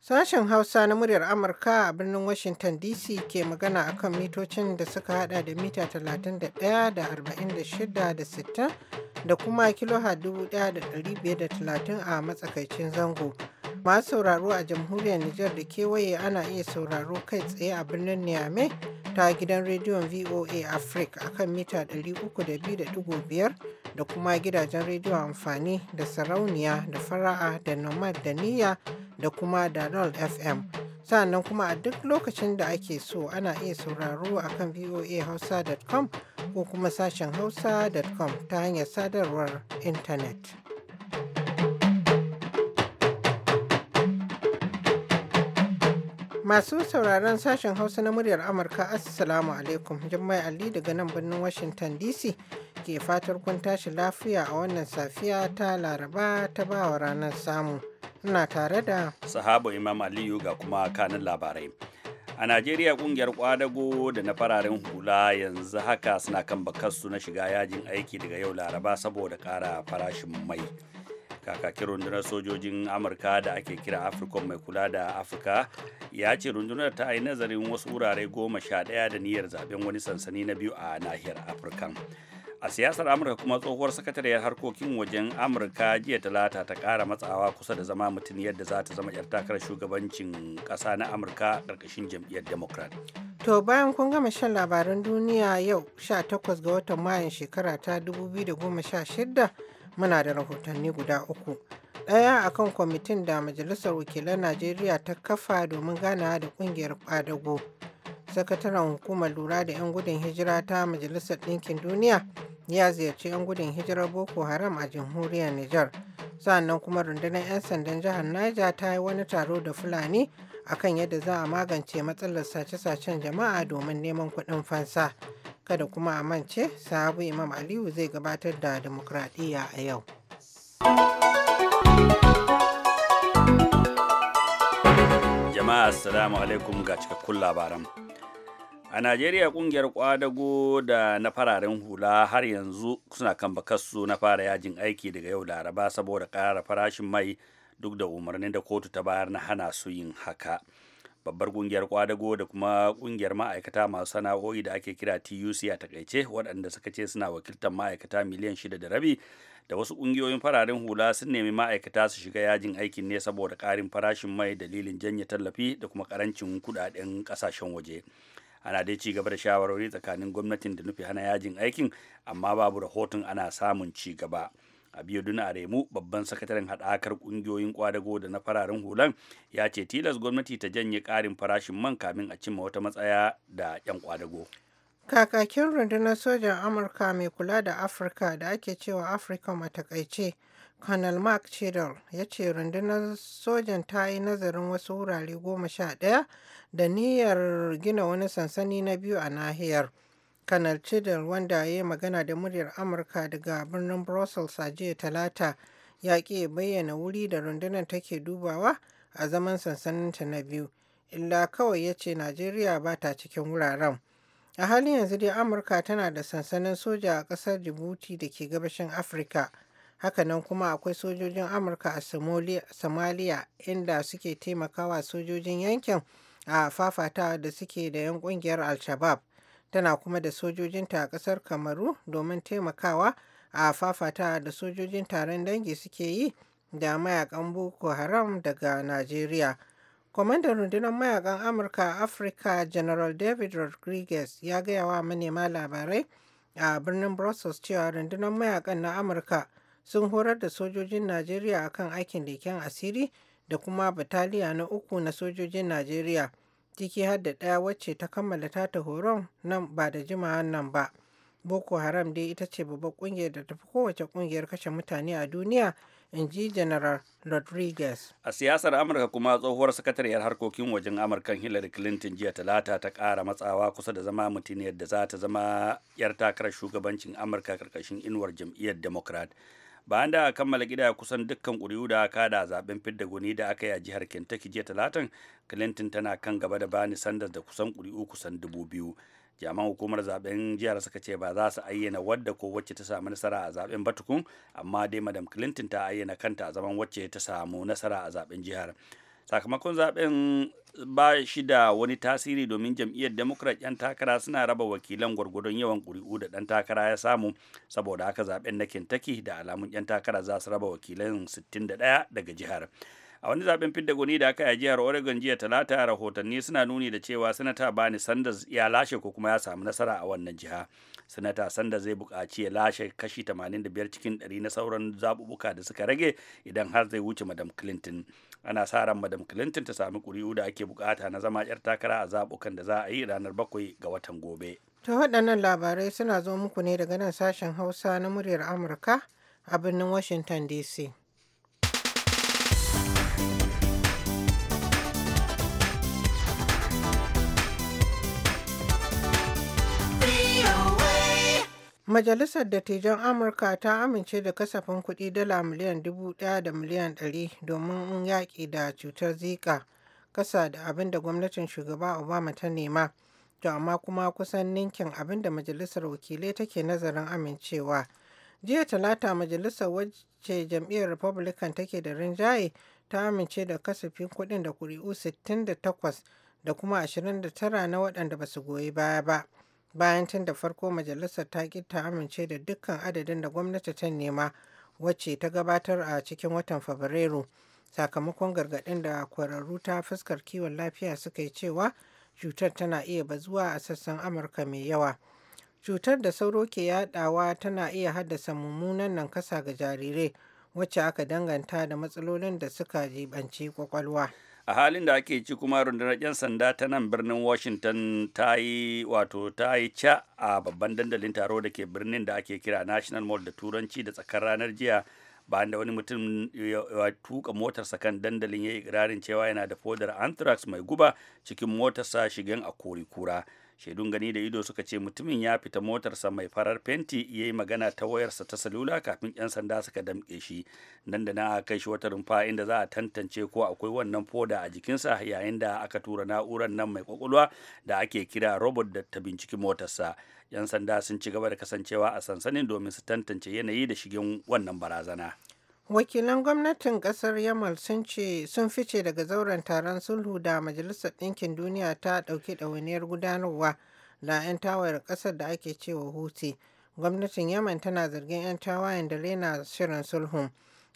Sashen Hausa na muryar Amurka a birnin Washington DC ke magana a kan mitocin da suka hada da mita 31 da 46 da 60 da kuma kilo 1530 a matsakaicin zango. Masu sauraro a jamhuriyar Nijar da kewaye ana iya sauraro kai tsaye a birnin Niamey ta gidan rediyon VOA Africa akan mita 302.5 da kuma gidajen rediyon amfani da sarauniya da fara'a da nomad da niyya da kuma dalol FM. Sannan kuma a duk lokacin da ake so ana iya sauraro a kan voahausa.com ko kuma sashen hausa.com ta hanyar sadarwar intanet. Masu sauraron sashen Hausa na muryar Amurka Assalamu alaikum Jummai Ali daga nan birnin Washington DC ke fatar kun tashi lafiya a wannan safiya ta Laraba ta bawa ranar samu. Ina tare da Sahaba Imam Aliyu ga kuma kanin labarai. A Najeriya kungiyar kwadago da na fararen hula yanzu haka suna kan bakarsu na shiga yajin aiki daga yau Laraba saboda ƙara farashin mai. kakakin rundunar sojojin amurka da ake kira afirka mai kula da afirka ya ce rundunar ta yi nazarin wasu wurare goma sha ɗaya da niyyar zaben wani sansani na biyu a nahiyar afirka a siyasar amurka kuma tsohuwar sakatariyar harkokin wajen amurka jiya talata ta kara matsawa kusa da zama mutum yadda za ta zama yar takarar shugabancin kasa na amurka ƙarƙashin jam'iyyar democrat to bayan kun gama shan labaran duniya yau 18 ga watan mayan shekara ta 2016 muna da rahotanni guda uku. Ɗaya a kan kwamitin da Majalisar Wakilan Najeriya ta kafa domin ganawa da ƙungiyar ƙwadago. Sakataren hukumar lura da 'yan gudun hijira ta Majalisar Ɗinkin Duniya ya ziyarci 'yan gudun hijirar Boko Haram a jamhuriyar Nijar. Sannan kuma rundunar 'yan sandan jihar Niger ta yi wani taro da Fulani akan yadda za a magance matsalar sace-sacen jama'a domin neman kuɗin fansa. Kada kuma a mance, sabu Imam Aliyu zai gabatar da demokradiyya a yau. Jama'a Assalamu alaikum ga cikakkun labaran. A Najeriya kungiyar kwadago da na fararen hula har yanzu suna kan na fara yajin aiki daga yau Laraba saboda ƙara farashin mai duk da umarnin da kotu ta bayar na hana su yin haka babbar kungiyar kwadago da kuma kungiyar ma'aikata masu sana'o'i da ake kira tuc a takaice waɗanda suka ce suna wakiltar ma'aikata miliyan shida da rabi da wasu kungiyoyin fararen hula sun nemi ma'aikata su shiga yajin aikin ne saboda ƙarin farashin mai dalilin janye tallafi da kuma ƙarancin kuɗaɗen ƙasashen waje ana dai ci gaba da shawarwari tsakanin gwamnatin da nufi hana yajin aikin amma babu rahoton ana samun ci gaba. a abiodun aremu babban sakataren haɗakar ƙungiyoyin kwadago da na fararen hulan ya ce tilas gwamnati ta janye ƙarin farashin man kamin a cimma wata matsaya da 'yan kwadago kakakin rundunar sojan amurka mai kula da afirka da ake cewa afirka matakaice colonel mark Chidol ya ce rundunar sojan ta yi nazarin wasu wurare goma sha ɗaya da niyyar gina wani sansani na biyu a nahiyar Kanar cedar wanda ya yi magana da muryar Amurka daga birnin Brussels a jiya talata ya ƙi bayyana wuri da rundunar take dubawa a zaman sansaninta na biyu. Illa kawai ya ce Najeriya ba ta cikin wuraren. A halin yanzu dai Amurka tana da sansanin soja a ƙasar Djibouti da ke gabashin Afirka. Hakanan kuma akwai sojojin Amurka a Somalia inda suke taimakawa sojojin yankin a fafatawa da suke da 'yan kungiyar Al-Shabaab. tana kuma da sojojinta a ƙasar kamaru domin taimakawa a fafata da sojojin taron dangi suke yi da mayakan boko haram daga najeriya kwamandan rundunar mayakan amurka a afirka general david rodriguez ya gaya wa manema labarai a birnin brussels cewa rundunar mayakan na amurka sun horar da sojojin najeriya akan aikin leken asiri da kuma bataliya na uku na sojojin najeriya ciki har da ɗaya wacce ta kammala tata horon nan ba da jimawa nan ba. Boko Haram dai ita ce babbar kungiyar da ta fi kowace kungiyar kashe mutane a duniya in ji General Rodriguez. A siyasar Amurka kuma tsohuwar sakatariyar harkokin wajen amurkan Hillary Clinton jiya talata ta kara matsawa kusa da zama mutum yadda za ta zama 'yar takarar shugabancin Amurka karkashin inuwar jam'iyyar Democrat. bayan da kammala gida kusan dukkan ƙuri'u da aka da zaben fidda guni da aka yi a jihar Kentucky jiya talatin Clinton tana kan gaba da bani Sanders da kusan ƙuri'u kusan dubu biyu jami'an hukumar zaben jihar suka ce ba za su ayyana wadda ko wacce ta samu nasara a zaben batukun amma dai madam clinton ta ayyana kanta a zaman wacce ta samu nasara a zaben jihar sakamakon zaben ba shi da wani tasiri domin jam'iyyar democrat 'yan takara suna raba wakilan gwargwadon yawan ƙuri'u da ɗan takara ya samu saboda haka zaben na kentucky da alamun 'yan takara za su raba wakilan 61 daga jihar a wani zaben fidda gwani da aka yi a jihar oregon jiya talata rahotanni suna nuni da cewa sanata bani sanders ya lashe ko kuma ya samu nasara a wannan jiha sanata sanders zai buƙaci ya lashe kashi 85 cikin 100 na sauran zaɓuɓɓuka da suka rage idan har zai wuce madam clinton ana sa ran madam clinton ta sami ƙuri'u da ake bukata na zama 'yar takara a zaɓukan da za a yi ranar bakwai ga watan gobe to waɗannan labarai suna zo muku ne daga nan sashen hausa na muryar amurka a birnin washington dc Majalisar Dattijan Amurka ta amince da kasafin kuɗi dala miliyan dubu ɗaya da miliyan ɗari domin yaƙi da cutar Zika, ƙasa da abin da gwamnatin shugaba Obama ta nema, to amma kuma kusan ninkin abin da Majalisar Wakilai take nazarin amincewa. Jiya Talata Majalisar wacce jam'iyyar Republican take da rinjaye ta amince da kasafin kuɗin da kuri'u 68 da kuma tara na waɗanda ba su goyi baya ba. bayan tun da farko majalisar ta ƙi ta amince da dukkan adadin da gwamnati ta nema wacce ta gabatar a cikin watan fabrairu sakamakon gargaɗin da kwararru ta fuskar kiwon lafiya suka yi cewa cutar tana iya bazuwa a sassan amurka mai yawa cutar da sauro ke yaɗawa tana iya haddasa mummunan nan kasa ga jarirai wacce aka danganta da matsalolin da suka jibanci kwakwalwa. a halin da ake ci kuma rundunar 'yan sanda ta nan birnin washington ta yi wato ta yi ca a babban dandalin taro da ke birnin da ake kira national mall da turanci da tsakar ranar jiya bayan da wani mutum ya tuka motarsa kan dandalin ya yi ikirarin cewa yana da fodar anthrax mai guba cikin motarsa shigen a kori kura shaidun gani da ido suka ce mutumin ya fita motarsa mai farar fenti ya yi magana ta wayarsa ta salula kafin 'yan sanda suka damƙe shi nan da na aka kai shi wata rumfa inda za a tantance ko akwai wannan foda a jikinsa yayin da aka tura na'urar nan mai kwakwalwa da ake kira robot da ta binciki motarsa 'yan sanda sun ci gaba da kasancewa a sansanin domin su tantance yanayi da shigen wannan barazana Wakilan gwamnatin kasar Yamal sun ce sun fice daga zauren taron sulhu da Majalisar Ɗinkin Duniya ta ɗauki ɗawainiyar gudanarwa da 'yan tawayar ƙasar da ake cewa hutu. Gwamnatin Yaman tana zargin 'yan tawayen da rena shirin sulhun.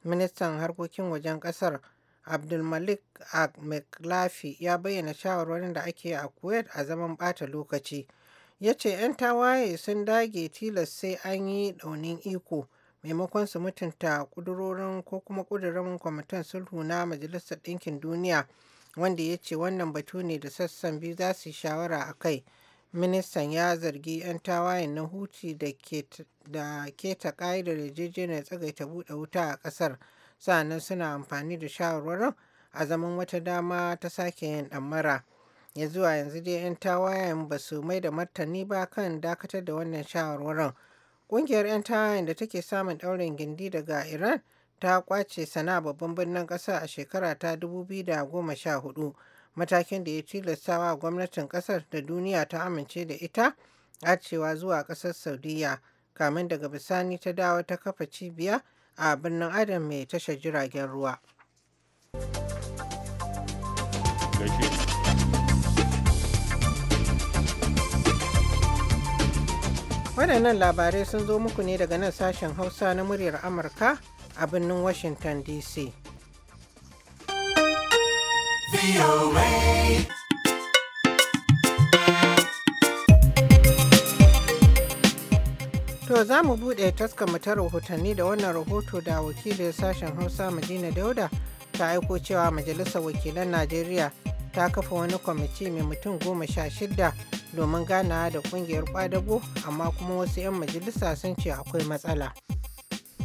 Ministan harkokin wajen ƙasar Abdulmalik al ya bayyana shawarwarin da ake a Kuwait a zaman ɓata lokaci. Ya ce 'yan tawaye sun dage tilas sai an yi ɗaunin iko. maimakon su mutunta kudurorin ko kuma kudurin kwamitin sulhu na majalisar ɗinkin duniya wanda ya ce wannan batu ne da sassan biyu za su yi shawara a kai ministan ya zargi 'yan tawayen na huti da keta ƙa'idar yarjejeniyar tsagaita buɗe wuta a ƙasar sa'annan suna amfani da shawarwarin a zaman wata dama ta sake yin ɗamara ya zuwa yanzu dai 'yan tawayen ba su mai da martani ba kan dakatar da wannan shawarwarin Ƙungiyar 'yan tawayen da take samun ɗaurin gindi daga Iran ta ƙwace sana babban birnin ƙasa a shekara ta 2014 matakin da ya tilastawa gwamnatin ƙasar da duniya ta amince da ita cewa zuwa ƙasar Saudiya kamin daga bisani ta dawo ta kafa cibiya a birnin Adam mai tashar jiragen ruwa. Waɗannan labarai sun zo muku ne daga nan sashen Hausa na muryar Amurka a birnin Washington DC. To za mu buɗe mu ta rahotanni da wannan rahoto da wakilin sashen Hausa Madina Dauda ta aiko cewa Majalisar Wakilan Najeriya ta kafa wani kwamiti mai mutum goma sha shida domin ganawa da kungiyar kwadago amma kuma wasu 'yan majalisa sun ce akwai matsala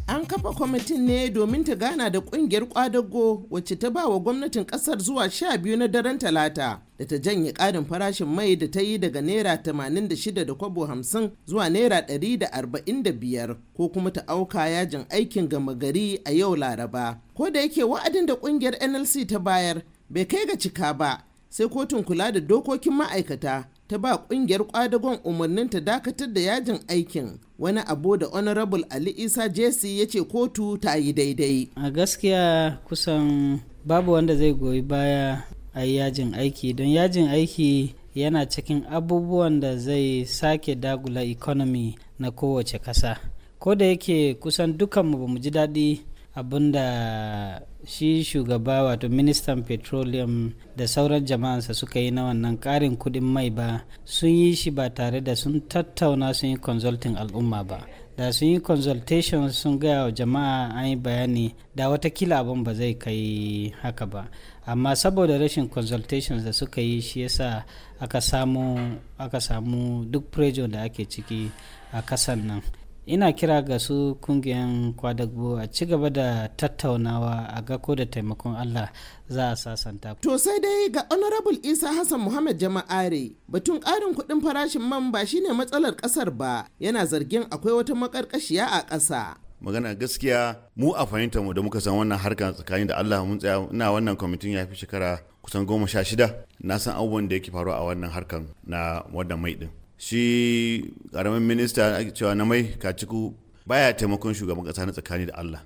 an kafa kwamitin ne domin ta gana da kungiyar kwadago wacce ta ba wa gwamnatin kasar zuwa sha biyu na daren talata da ta janye ƙarin farashin mai da ta yi daga naira 86 da kwabo hamsin zuwa naira da da arba'in biyar ko kuma ta auka yajin aikin gama gari a yau laraba ko da yake wa'adin da kungiyar nlc ta bayar bai kai ga cika ba sai kotun kula da dokokin ma'aikata ta ba kungiyar kwadagon umarnin ta dakatar da yajin aikin wani abu da honorable ali isa jesse ya ce kotu ta yi daidai a gaskiya kusan babu wanda zai goyi baya a yajin aiki don yajin aiki yana cikin abubuwan da zai sake dagula economy na kowace kasa ko da yake kusan dukanmu ba mu ji daɗi abinda shi shugaba wato ministan petroleum da sauran jama'ansa suka yi na wannan karin kudin mai ba sun yi shi ba tare da sun tattauna sun yi consulting al'umma ba da sun yi consultation sun gaya wa jama'a an yi bayani da watakila abin ba zai kai haka ba amma saboda rashin consultations da suka yi shi yasa aka samu aka samu duk pressure da ake ciki a kasan nan ina kira ga su kungiyan kwadagbo a ci gaba da tattaunawa a gako da taimakon allah za a sasanta to sai dai ga honorable isa hassan muhammad jama'are batun karin kuɗin farashin man ba shine matsalar ƙasar ba yana zargin akwai wata maƙarƙashiya a ƙasa magana gaskiya mu a fahimtar mu da muka san wannan harkar tsakanin da allah mun tsaya ina wannan kwamitin ya fi shekara kusan goma sha shida na san abubuwan da yake faruwa a wannan harkar na wannan mai din shi karamin minista cewa na mai kaciku baya taimakon shugaban kasa na tsakani da allah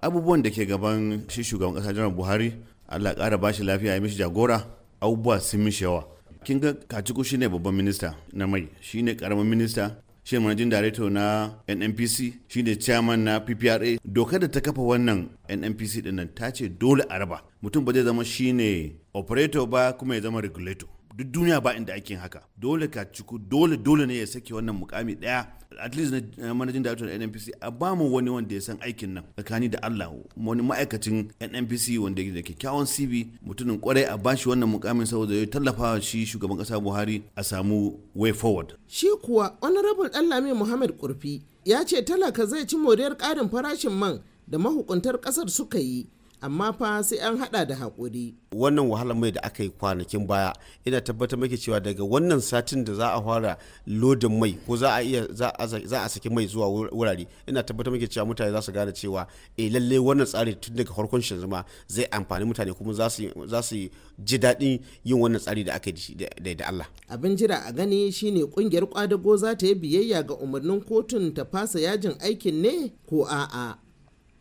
abubuwan da ke gaban shi shugaban kasa jiran buhari allah kara bashi lafiya ya mishi jagora abubuwa sun mishi yawa kin ga kaciku ne babban minista na mai shi ne karamin minista shi ne manajin director na nnpc shi ne chairman na ppra dokar da ta kafa wannan nnpc nan ta ce dole a raba mutum ba zai zama ne operator ba kuma ya zama regulator duk duniya ba inda ake haka dole ka ciku dole dole ne ya sake wannan mukami daya at least na manajin director na NNPC a ba mu wani wanda ya san aikin nan tsakani da Allah wani ma'aikacin NNPC wanda ke da kyakkyawan CV mutumin kwarai a bashi wannan mukamin saboda ya tallafa shi shugaban kasa Buhari a samu way forward shi kuwa honorable lami Muhammad Kurfi ya ce talaka zai ci moriyar karin farashin man da mahukuntar kasar suka yi amma fa sai an hada da hakuri wannan wahalar mai da aka yi kwanakin baya ina tabbatar maki cewa daga wannan satin da za a fara lodin mai ko za a iya za a saki mai zuwa wurare ina tabbatar maki cewa mutane za su gane cewa eh lalle wannan tsari tun daga farkon shi zama zai amfani mutane kuma za su ji daɗin yin wannan tsari da aka yi da Allah abin jira a gani shine kungiyar kwadago za ta yi biyayya ga umarnin kotun ta fasa yajin aikin ne ko a'a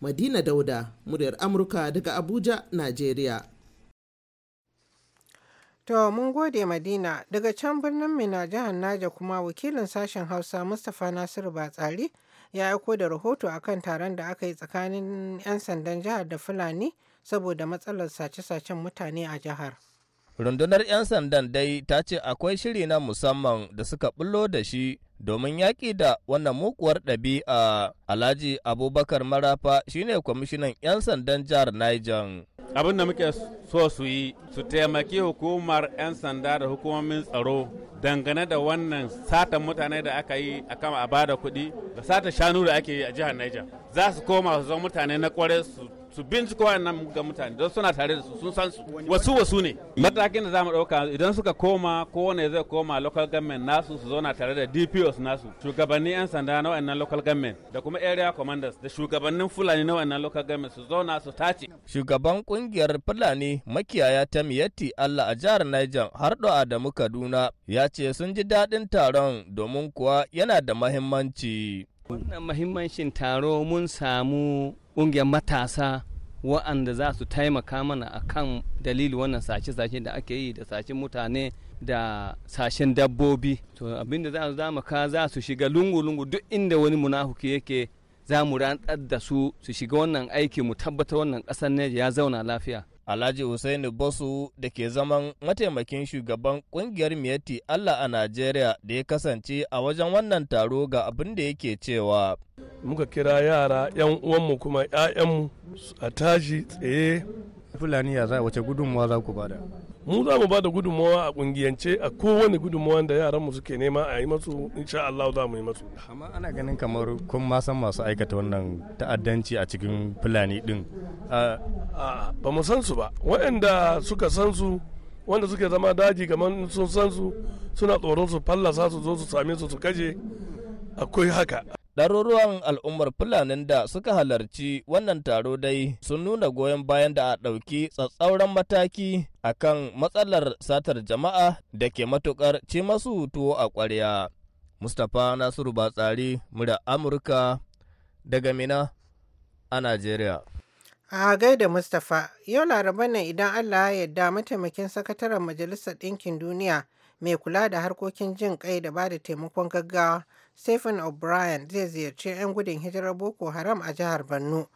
madina dauda muryar amurka daga abuja najeriya To mun gode Madina daga can birnin Mina jihar Naja kuma wakilin sashen Hausa Mustapha Nasiru Batsari ya aiko da rahoto akan taron da aka yi tsakanin 'yan sandan jihar da Fulani saboda matsalar sace-sacen mutane a jihar. rundunar 'yan sandan dai ta ce akwai shiri na musamman da suka bullo da shi domin yaƙi da wannan mukuwar ɗabi'a alhaji abubakar marafa shine kwamishinan 'yan sandan jihar niger abin da muke so su yi su taimaki hukumar 'yan sanda da hukumomin tsaro dangane da wannan sata mutane da aka yi a kama a bada kuɗi da sata shanu da ake yi a jihar niger za su koma su zama mutane na kware su binciko wayannan ga mutane don suna tare da su sun san wasu wasu ne matakin da za mu dauka idan suka koma kowane zai koma local government nasu su zauna tare da DPOs nasu shugabanni yan sanda na wannan local government da kuma area commanders da shugabannin Fulani na wannan local government su zauna su tace shugaban kungiyar Fulani makiyaya ta Miyatti Allah a jihar Niger har do Adamu Kaduna ya ce sun ji daɗin taron domin kuwa yana da mahimmanci Wannan mahimmancin taro mun samu ƙungiyar matasa wa'anda za su taimaka mana a kan dalili wannan sace-sace da ake yi da sace mutane da sashen dabbobi. To abinda za su zama ka za su shiga lungu-lungu duk inda wani munafuki yake za mu rantsar da su su shiga wannan aiki mu tabbatar wannan ƙasar ne ya zauna lafiya. Alhaji Hussaini Bosu da ke zaman mataimakin shugaban kungiyar miyati Allah a Najeriya da ya kasance a wajen wannan taro ga abin da yake cewa. Muka kira yara 'yan uwanmu kuma 'ya'yanmu a tashi tsaye fulani ya za wace gudunmawa za ku bada mu za mu bada gudunmawa a kungiyance a kowane gudunmawa da yaran mu suke nema a yi masu insha Allah za mu yi masu amma ana ganin kamar kun ma san masu aikata wannan ta'addanci a cikin fulani din ba mu san su ba waɗanda suka san su wanda suke zama daji kamar sun san su suna tsoron su fallasa su zo su same su su kaje akwai haka Ɗaruruwan al'ummar Fulanin da suka halarci wannan taro dai sun nuna goyon bayan da a ɗauki tsatsauran mataki a kan matsalar satar jama'a da ke matuƙar ci masu tuwo a ƙwarya. Mustapha Nasiru Batsari, murya Amurka daga Mina a Najeriya. A gaida Mustapha, yau laraba nan idan Allah ya yarda mataimakin sakataren Majalisar Ɗinkin Duniya mai kula da harkokin jin kai da ba da taimakon gaggawa Stephen O'Brien zai ziyarci 'yan gudun hijirar Boko Haram a jihar Borno,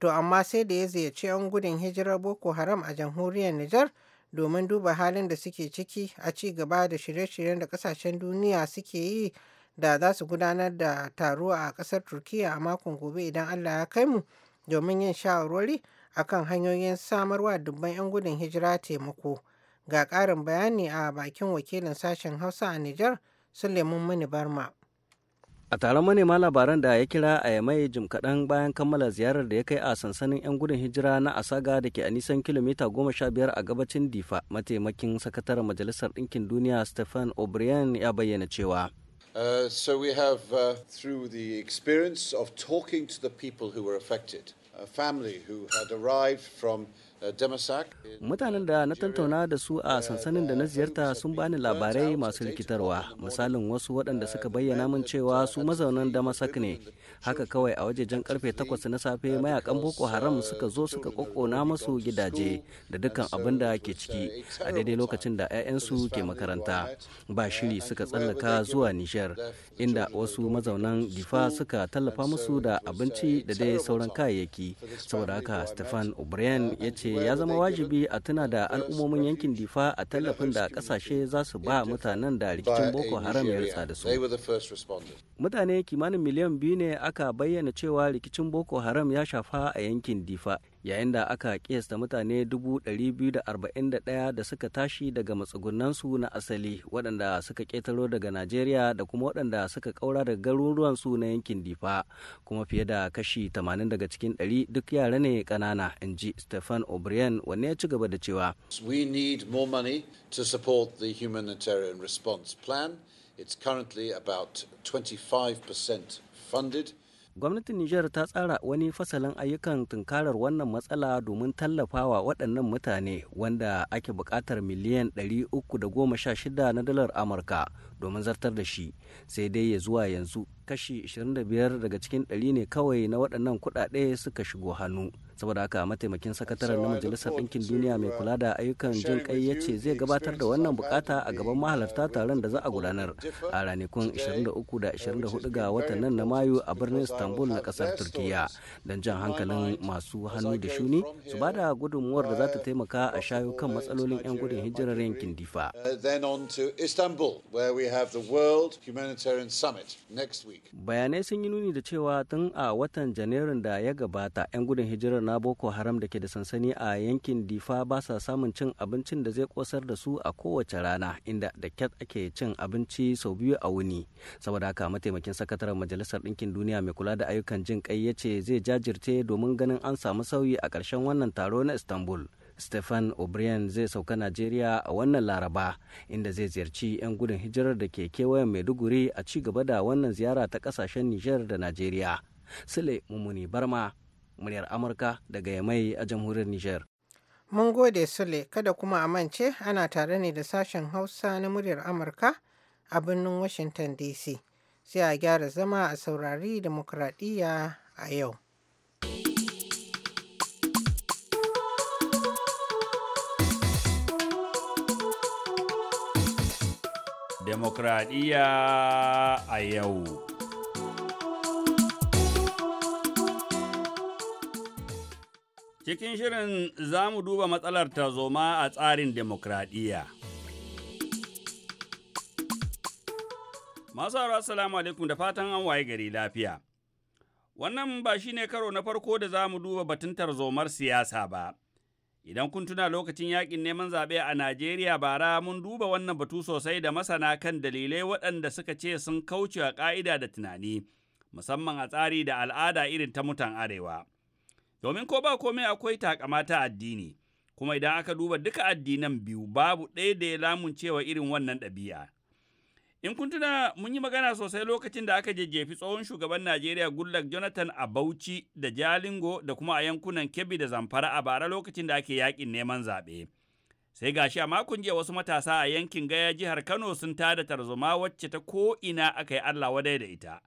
to amma sai da ya ziyarci 'yan gudun hijirar Boko Haram a jamhuriyar Nijar domin duba halin da suke ciki a ci gaba da shirye-shiryen da kasashen duniya suke yi da za su gudanar da taro a ƙasar Turkiyya a makon gobe idan Allah ya kai mu domin yin shawarwari akan hanyoyin samarwa dubban 'yan gudun hijira taimako. Ga ƙarin bayani a bakin wakilin sashen Hausa a Nijar, Suleiman mini Barma. a taron manema labaran da ya kira a yamai jim kaɗan bayan kammala ziyarar da ya kai a sansanin 'yan gudun hijira na asaga da ke a nisan kilomita goma sha biyar a gabacin difa mataimakin sakataren majalisar ɗinkin duniya stephen o'brien ya bayyana cewa Uh, so we have, uh, through the experience of talking to the people who were affected, a family who had arrived from Eh, eh, Mutanen da na tantauna da su a sansanin da na ziyarta sun bani labarai masu rikitarwa, misalin wasu waɗanda suka bayyana min cewa su mazaunan Damasak ne. Haka kawai a wajejen karfe 8 na safe mayakan Boko Haram suka zo suka kokona masu gidaje da dukkan abin da ke ciki a daidai lokacin da 'ya'yansu ke makaranta. Ba shiri suka tsallaka zuwa Nijar, inda wasu mazaunan Gifa suka tallafa musu da abinci da dai sauran kayayyaki. Saboda haka Stefan O'Brien ya ce ce ya zama wajibi a tuna da al'ummomin yankin difa a tallafin da kasashe za su ba mutanen da rikicin boko haram ya rutsa da su mutane kimanin miliyan biyu ne aka bayyana cewa rikicin boko haram ya shafa a yankin difa yayin da aka kiyasta mutane 241 da suka tashi daga matsugunansu na asali waɗanda suka ƙetaro daga najeriya da kuma waɗanda suka ƙaura daga garuruwansu na yankin difa kuma fiye da kashi 80 daga cikin 100 duk yara ne ƙanana in ji stefan o'brien wanne ya ci gaba da cewa we need more money to support the humanitarian response plan it's currently about 25% funded gwamnatin Nijar ta tsara wani fasalin ayyukan tunkarar wannan matsala domin tallafawa waɗannan mutane wanda ake buƙatar miliyan 316 na dalar Amurka domin zartar da shi sai dai ya zuwa yanzu kashi 25 daga cikin ɗari ne kawai na waɗannan kuɗaɗe suka shigo hannu saboda haka mataimakin sakataren na majalisar ɗinkin duniya mai kula da ayyukan jin kai ya ce zai gabatar da wannan bukata a gaban mahalarta taron da za a gudanar a ranakun 23 da 24 ga watan nan na mayu a birnin istanbul na ƙasar turkiyya don jan hankalin masu hannu da shuni su ba da gudunmuwar da za ta taimaka a shayo kan matsalolin 'yan gudun hijirar yankin difa. Then have the World Humanitarian Summit next week. Bayanai sun yi nuni da cewa tun a watan Janairun da ya gabata 'yan gudun hijirar na Boko Haram da ke da sansani a yankin Difa ba sa samun cin abincin da zai kosar da su a kowace rana inda da kyat ake cin abinci sau biyu a wuni. Saboda haka mataimakin sakataren Majalisar Ɗinkin Duniya mai kula da ayyukan jin kai ya ce zai jajirce domin ganin an samu sauyi a ƙarshen wannan taro na Istanbul. stephen o'brien zai sauka najeriya a wannan laraba inda zai ziyarci 'yan gudun hijirar da ke kewayen maiduguri a ci gaba da wannan ziyara ta kasashen nijar da najeriya sule mumuni barma muryar amurka daga yamai a jamhuriyar nijar mun gode sule kada kuma a mance ana tare ne da sashen hausa na muryar amurka a birnin washington dc sai a gyara zama a saurari demokradiyya a yau Demokradiyya a yau. Cikin shirin za mu duba matsalar tarzoma a tsarin demokradiyya. Masu haro assalamu alaikum da fatan an waye gari lafiya. Wannan ba shi ne karo na farko da za mu duba batun tarzomar siyasa ba. Idan kun tuna lokacin yakin neman zaɓe a Najeriya bara mun duba wannan batu sosai da masana kan dalilai waɗanda suka ce sun kauce wa ƙa'ida da tunani, musamman a tsari da al'ada irin ta mutan Arewa. Domin ko ba komai akwai takamata addini, kuma idan aka duba duka addinan biyu babu ɗaya da ya lamuncewa irin wannan ɗabi'a. In kun tuna mun yi magana sosai lokacin da aka jejjefi tsohon shugaban Najeriya Goodluck Jonathan a Bauchi da Jalingo da kuma a yankunan Kebbi da Zamfara a bara lokacin da ake yakin neman zaɓe. Sai gashi a makon jiya wasu matasa a yankin Gaya jihar Kano sun tada tarzoma wacce ta ko ina aka yi Allah wadai da ita.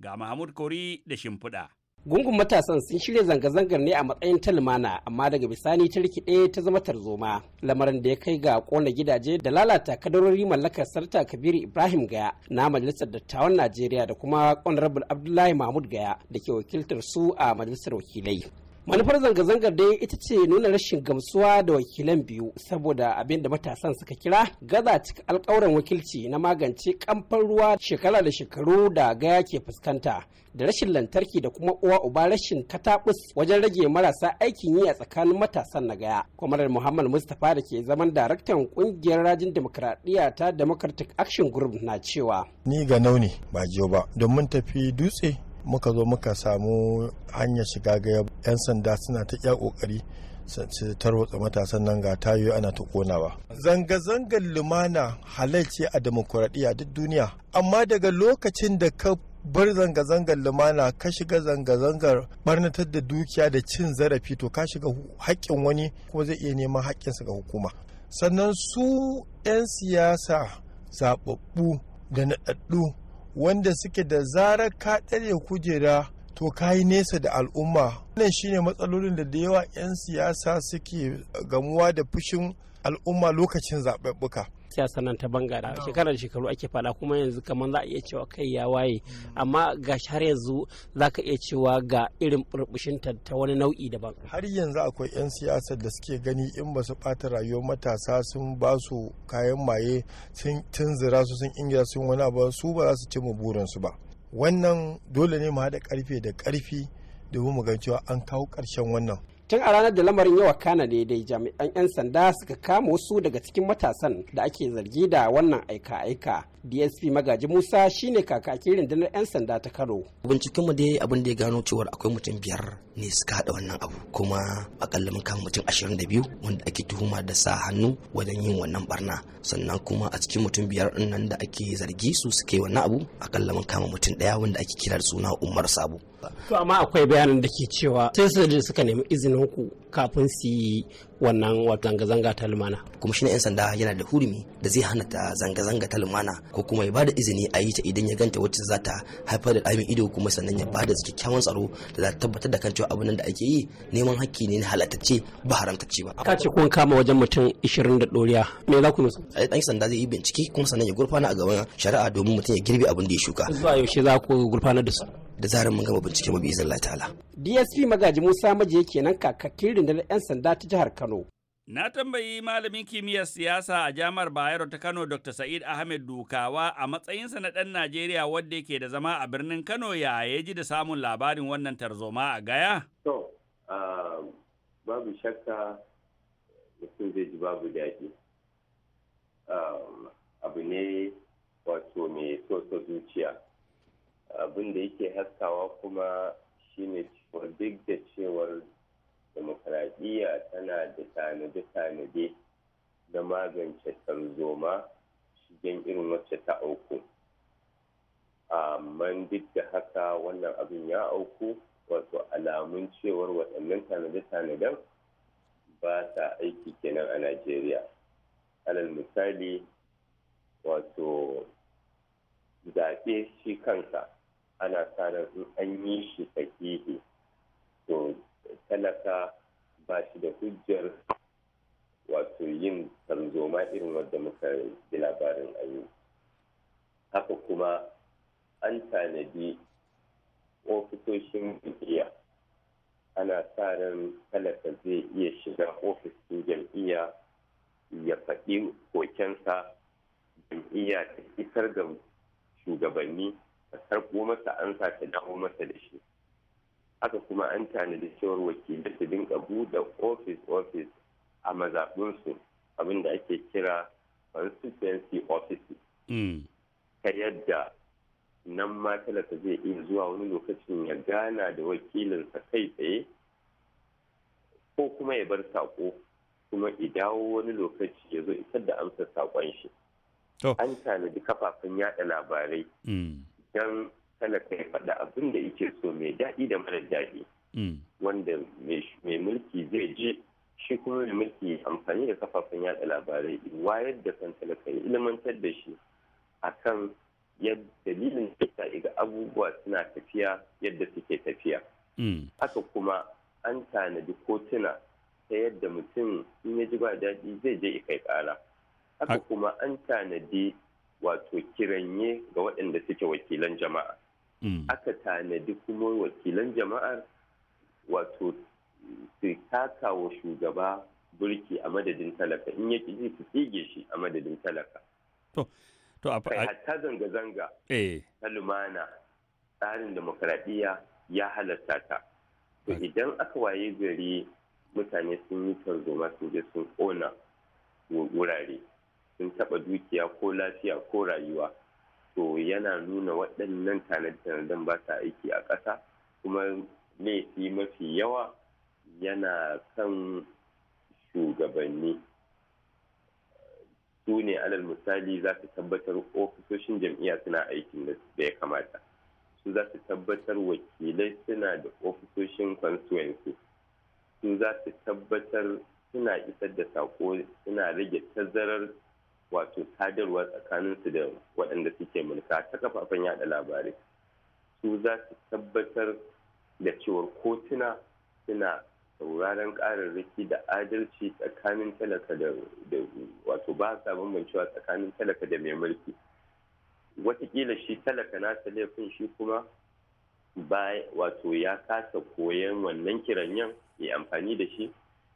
Ga Mahmud Kori da shimfiɗa. Gungun matasan sun shirya zanga-zangar ne a matsayin ta lumana amma daga bisani ta rikide ta zama tarzoma lamarin da ya kai ga kona gidaje da lalata kadarori mallakar sarta kabiru ibrahim gaya na majalisar dattawan najeriya da kuma honorable abdullahi mahmud gaya da ke wakiltar su a majalisar wakilai manufar zanga-zangar dai ita ce nuna rashin gamsuwa da wakilan biyu saboda abin da matasan suka kira gaza cika alkawuran wakilci na magance kamfan ruwa shekara da shekaru da gaya ke fuskanta da rashin lantarki da kuma uwa uba rashin katabus wajen rage marasa aikin yi a tsakanin matasan na gaya kwamarar muhammad mustapha da ke zaman daraktan kungiyar rajin demokradiyya ta democratic action group na cewa ni ga nauni ba jiyo ba don mun tafi dutse muka zo muka samu hanyar shiga ga 'yan sanda suna ta iya kokari su tarwatsa matasan nan ga tayoyi ana ta konawa zanga-zangar lumana halarci a demokuraɗiyya duk duniya amma daga lokacin da ka bar zanga-zangar lumana ka shiga zanga-zangar barnatar da dukiya da cin zarafi to ka shiga haƙƙin wani kuma zai iya neman haƙƙinsa ga hukuma sannan su 'yan siyasa zaɓaɓɓu da naɗaɗɗu wanda suke da zarar ka ɗare kujera to ka yi nesa da al'umma wannan shine matsalolin da da yawa 'yan siyasa suke gamuwa da fushin al'umma lokacin zaɓaɓɓuka siyasa nan ta shekara da shekaru ake fada kuma yanzu kamar za a iya cewa kai ya waye amma ga har yanzu za ka iya cewa ga irin burbushin ta wani nau'i daban har yanzu akwai 'yan siyasar da suke gani in ba su bata rayuwar matasa sun ba su kayan maye sun tunzura su sun ingira sun wani abu su ba za su ci mu burinsu ba wannan dole ne mu haɗa ƙarfe da ƙarfi domin mu ga cewa an kawo ƙarshen wannan tun a ranar da lamarin yawa kana ne dai jami'an 'yan sanda suka kama wasu daga cikin matasan da ake zargi da wannan aika-aika dsp magaji musa shine kakakin rundunar 'yan sanda ta karo binciken mu dai abin da ya gano cewar akwai mutum biyar ne suka haɗa wannan abu kuma akalla mun kama mutum ashirin wanda ake tuhuma da sa hannu wajen yin wannan barna sannan kuma a cikin mutum biyar nan da ake zargi su suke wannan abu akalla mun kama mutum ɗaya wanda ake kira da suna umar sabo To amma akwai bayanan da ke cewa sai su suka nemi izinin ku kafin su yi wannan zanga-zanga ta lumana. Kuma shi 'yan sanda yana da hurumi da zai hana ta zanga-zanga ta lumana ko kuma ya ba da izini a yi ta idan ya ganta wacce za ta haifar da ɗamin ido kuma sannan ya ba da kyakkyawan tsaro da za ta tabbatar da kan cewa abin da ake yi neman hakki ne na halattacce ba haramtacce ba. Ka ce kun kama wajen mutum 20 da ɗoriya me za ku musu? Ɗan sanda zai yi bincike kuma sannan ya gurfana a gaban shari'a domin mutum ya girbe abin da ya shuka. Zuwa yaushe za ku gurfanar da su? da zarar mun gama bincike mu bi izin ta'ala. DSP Magaji Musa Maje kenan kakakin rundunar 'yan sanda ta jihar Kano. Na tambayi malamin kimiyyar siyasa a jami'ar Bayero ta Kano Dr. Sa'id Ahmed Dukawa a matsayinsa na ɗan Najeriya wadda yake da zama a birnin Kano ya ya ji da samun labarin wannan tarzoma a gaya? To, babu shakka mutum zai ji babu daɗi. abu ne wato mai so zuciya. abin da yake haskawa kuma shine cewar duk da cewar demokaradiyya tana da tanade-tanade na magance tarzoma shigen irin wacce ta auku amma duk da haka wannan abin ya auku wato alamun cewar waɗannan tanade-tanaden ba ta aiki kenan a najeriya alal misali wato zaɓe shi kansa ana sa in an yi shi sahihi to talaka ba shi da hujjar wato yin tarzoma irin wadda muka yi labarin yi haka kuma an tanadi ofisoshin jam'iyya ana sa ran talaka zai iya shiga ofishin jam'iyya ya faɗi kokensa jam'iyya ta isar da shugabanni a masa an ta dawo masa da shi haka kuma an tanadi cewar wakili su dinka buɗe ofis ofis a mazaɓinsu abinda ake kira constituency offices mm. ta yadda nan ma talaka zai iya zuwa wani lokacin ya gana da wakilinsa kai tsaye ko kuma ya bar saƙo kuma idawo wani lokaci ya zo isar da amsa saƙon shi an tanadi kafafen yada labarai mm. don talaka ya faɗa abin da yake so mai daɗi da mara daɗi mm. wanda mai mulki zai je shi kuma mai mulki amfani da kafafen yada labarai wayar da kan talaka ya ilmantar da shi a kan dalilin da iga abubuwa suna tafiya yadda suke tafiya mm. haka kuma an tanadi kotuna ta yadda mutum in ya ji ba daɗi zai je kai kara haka kuma an tanadi wato kiranye ga waɗanda suke wakilan jama'a mm. aka tanadi kuma wakilan jama'a wato su taka wa shugaba burki a madadin talaka in ya ji su tsige shi a madadin talaka to to kai hatta zanga-zanga eh. ta lumana tsarin demokaradiyya ya halasta ta to idan aka waye gari mutane sun yi tarzoma sun je sun ƙona wurare sun taɓa dukiya ko lafiya ko rayuwa to yana nuna waɗannan tanade-tanaden ba sa aiki a ƙasa kuma laifi mafi yawa yana kan shugabanni su ne alal misali za su tabbatar ofisoshin jam'iyya suna aikin da ya kamata su za su tabbatar wakilai suna da ofisoshin constituency su za su tabbatar suna isar da sako suna rage tazarar wato sadarwa tsakaninsu da waɗanda suke mulka ta kafafen yada labarai su za su tabbatar da cewar kotuna suna sauraron ƙararraki da adalci tsakanin talaka da wato ba sa bambancewa tsakanin talaka da mai mulki watakila shi talaka na ta laifin shi kuma ba wato ya kasa koyan wannan kiranyen ya amfani da shi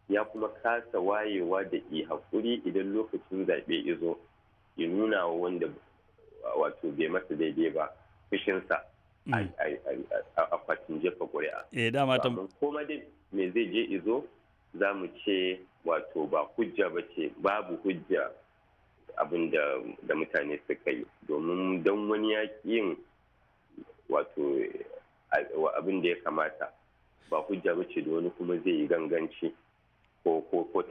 ya kuma kasa wayewa da i hakuri idan lokacin zaɓe izo ya nuna wa wanda wato bai masa daidai ba fushinsa mm. a kwatin jefa ƙuri'a. Eh dama ta koma dai me zai je izo za mu ce wato ba hujja ba ce babu hujja abin da mutane suka yi domin don wani ya yin wato abin da ya kamata ba hujja ba ce da wani kuma zai yi ganganci. ko ko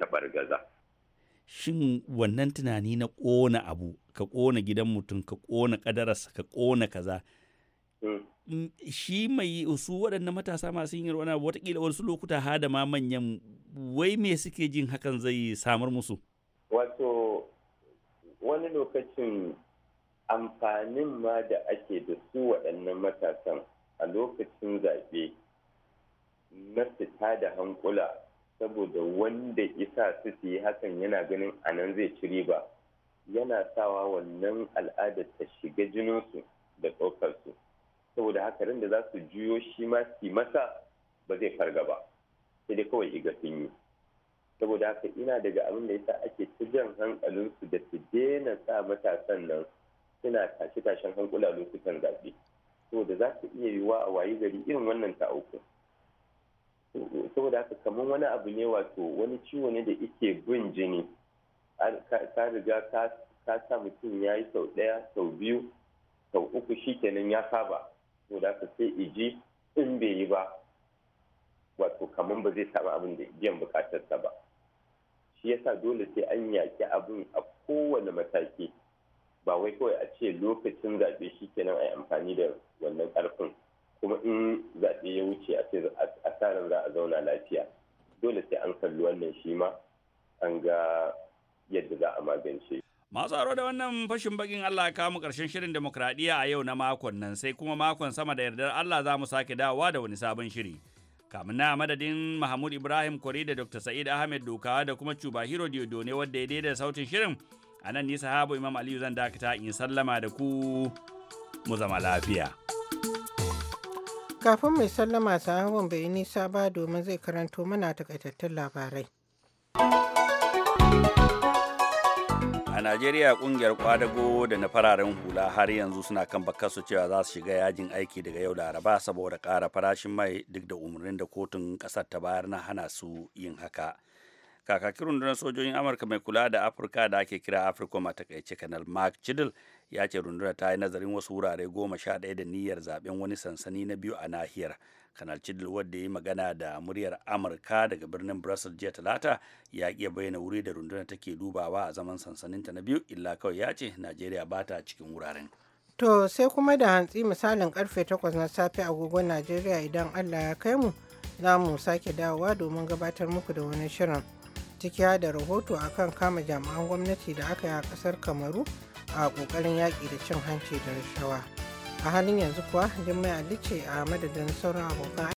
Shin wannan tunani na ƙona abu, ka ƙona gidan mutum, ka ƙona ƙadararsa, ka ƙona kaza. Mm. Mm, shi mai su waɗannan matasa masu yin wani abu watakila wasu lokuta ha da ma manyan wai me suke jin hakan zai samar musu? Wato wani lokacin amfanin ma da ake da su waɗannan matasan a lokacin zaɓe na fita da hankula saboda wanda isa su yi hakan yana ganin anan zai ci riba yana sawa wannan al'ada ta shiga jininsu da tsokarsu saboda haka da za su juyo shi ma su masa ba zai farga ba sai dai kawai iga sun yi saboda haka ina daga abin da yasa ake ta jan hankalinsu da su daina sa matasan nan suna tashe-tashen hankula lokutan zaɓe saboda za su iya yiwuwa a wayi gari irin wannan ta uku. saboda haka kamar wani abu ne wato wani ciwo ne da ike bin jini ka riga ka sa mutum ya yi sau ɗaya sau biyu sau uku shikenan ya saba saboda haka sai iji in bai yi ba wato kamar ba zai samu abin da biyan bukatarsa ba shi yasa dole sai an yaƙi abin a kowane mataki ba wai kawai a ce lokacin zaɓe shikenan a yi amfani da wannan ƙarfin kuma in zaɓe ya wuce a tsarin za a zauna lafiya dole sai an kalli wannan shi ma an ga yadda za a magance Masu aro da wannan fashin bakin Allah ka mu karshen shirin demokradiyya a yau na makon nan sai kuma makon sama da yardar Allah za mu sake dawowa da wani sabon shiri. kamin na madadin Mahmud Ibrahim Kori da Dr. Sa'id Ahmed Doka da kuma Cuba Hiro ne wadda ya daida sautin shirin a nan ni habu Imam Aliyu zan dakata in sallama da ku mu zama lafiya. Kafin mai sallama sahabin bai nisa ba domin zai karanto mana takaitattun labarai. A Najeriya kungiyar kwadago da na fararen hula har yanzu suna kan su cewa za su shiga yajin aiki daga yau laraba saboda ƙara farashin mai duk da umarnin da kotun ƙasar ta bayar na hana su yin haka. kakakin rundunar sojojin amurka mai kula da afirka da ake kira afirka a takaice kanal mark chidil ya ce rundunar ta yi nazarin wasu wurare goma sha ɗaya da niyyar zaben wani sansani na biyu a nahiyar kanal chidil wadda ya yi magana da muryar amurka daga birnin brussels jiya talata ya ƙi bayyana wuri da rundunar take dubawa a zaman sansaninta na biyu illa kawai ya ce najeriya ba ta cikin wuraren to sai kuma da hantsi misalin karfe 8 na safe agogon najeriya idan allah ya kai mu za mu sake dawowa domin gabatar muku da wani shirin ciki da rahoto akan kama jami'an gwamnati da aka yi a kasar kamaru a kokarin yaƙi da cin hanci da rashawa a halin yanzu kuwa jimai ali ce a madadin sauran abokan